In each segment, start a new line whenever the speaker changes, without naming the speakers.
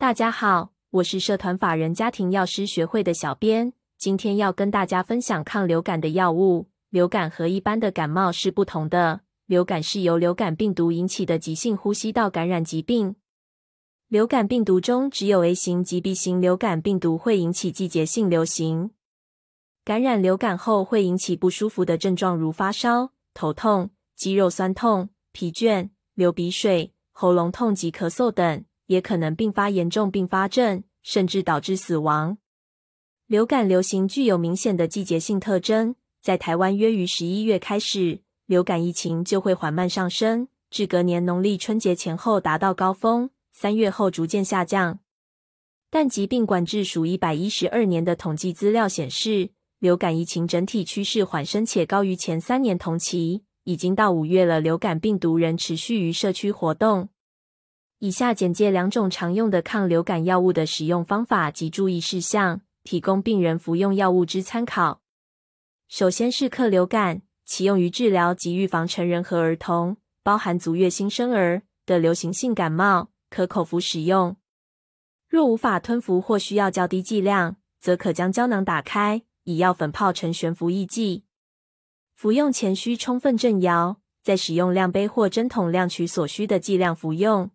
大家好，我是社團法人家庭藥師學會的小編，今天要跟大家分享抗流感的藥物。流感和一般的感冒是不同的，流感是由流感病毒引起的急性呼吸道感染疾病。流感病毒中只有 A 型及 B 型流感病毒會引起季節性流行。感染流感後會引起不舒服的症狀，如發燒、頭痛、肌肉痠痛、疲倦、流鼻水、喉嚨痛及咳嗽等。也可能併發嚴重併發症，甚至導致死亡。流感流行具有明顯的季節性特徵，在台灣約於十一月開始，流感疫情就會緩慢上升，至隔年農曆春節前後達到高峰，三月後逐漸下降。但疾病管制署一百一十二年的統計資料顯示，流感疫情整體趨勢緩升且高於前三年同期，已經到五月了，流感病毒仍持續於社區活動。以下簡介兩種常用的抗流感藥物的使用方法及注意事項，提供病人服用藥物之參考。首先是克流感，其用於治療及預防成人和兒童（包含足月新生兒）的流行性感冒，可口服使用。若無法吞服或需要較低劑量，則可將膠囊打開，以藥粉泡成懸浮液劑。服用前需充分振搖，再使用量杯或針筒量取所需的劑量服用。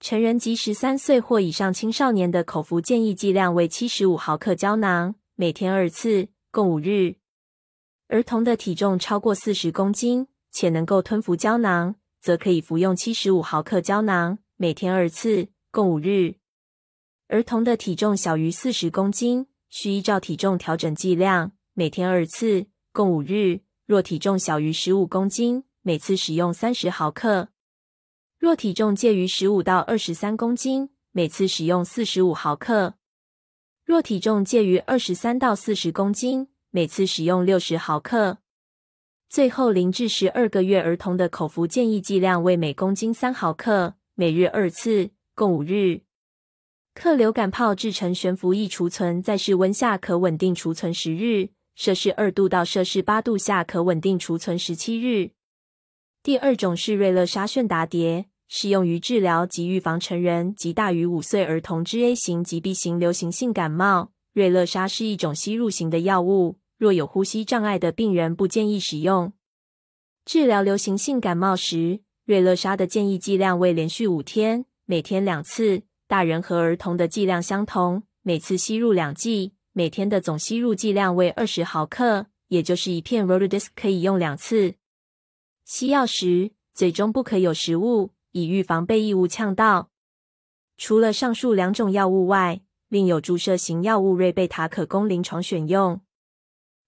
成人及十三歲或以上青少年的口服建議劑量為七十五毫克膠囊，每天二次，共五日。兒童的體重超過四十公斤，且能夠吞服膠囊，則可以服用七十五毫克膠囊，每天二次，共五日。兒童的體重小於四十公斤，需依照體重調整劑量，每天二次，共五日。若體重小於十五公斤，每次使用三十毫克。若體重介於十五到二十三公斤，每次使用四十五毫克；若體重介於二十三到四十公斤，每次使用六十毫克。最後，零至十二個月兒童的口服建議劑量為每公斤三毫克，每日二次，共五日。克流感泡製成懸浮液，儲存在室溫下可穩定儲存十日；攝氏二度到攝氏八度下可穩定儲存十七日。第二種是瑞樂沙旋達碟。適用於治療及預防成人及大於五歲兒童之 A 型及 B 型流行性感冒。瑞樂沙是一種吸入型的藥物，若有呼吸障礙的病人不建議使用。治療流行性感冒時，瑞樂沙的建議劑量為連續五天，每天兩次，大人和兒童的劑量相同，每次吸入兩劑，每天的總吸入劑量為二十毫克，也就是一片 Rotadisk 可以用兩次。吸藥時，嘴中不可有食物，以預防被異物嗆到。除了上述兩種藥物外，另有注射型藥物瑞貝塔可供臨床選用。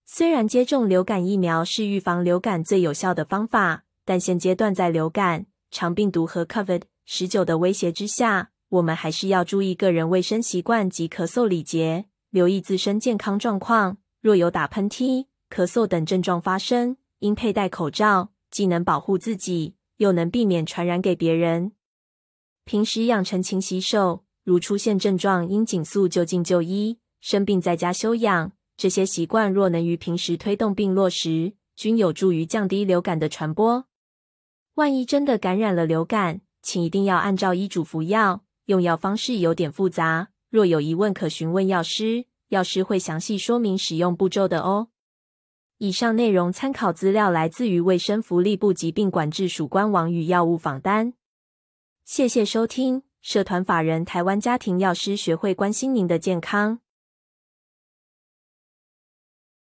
雖然接種流感疫苗是預防流感最有效的方法，但現階段在流感、腸病毒和 COVID-19 的威脅之下，我們還是要注意個人衛生習慣及咳嗽禮節，留意自身健康狀況。若有打噴嚏、咳嗽等症狀發生，應佩戴口罩，既能保護自己。又能避免傳染給別人。平時養成勤洗手，如出現症狀應儘速就近就醫，生病在家休養。這些習慣若能於平時推動並落實，均有助於降低流感的傳播。萬一真的感染了流感，請一定要按照醫囑服藥。用藥方式有點複雜，若有疑問可詢問藥師，藥師會詳細說明使用步驟的哦。以上內容參考資料來自於衛生福利部疾病管制署官網與藥物仿單。謝謝收聽，社團法人台灣家庭藥師學會，關心您的健康。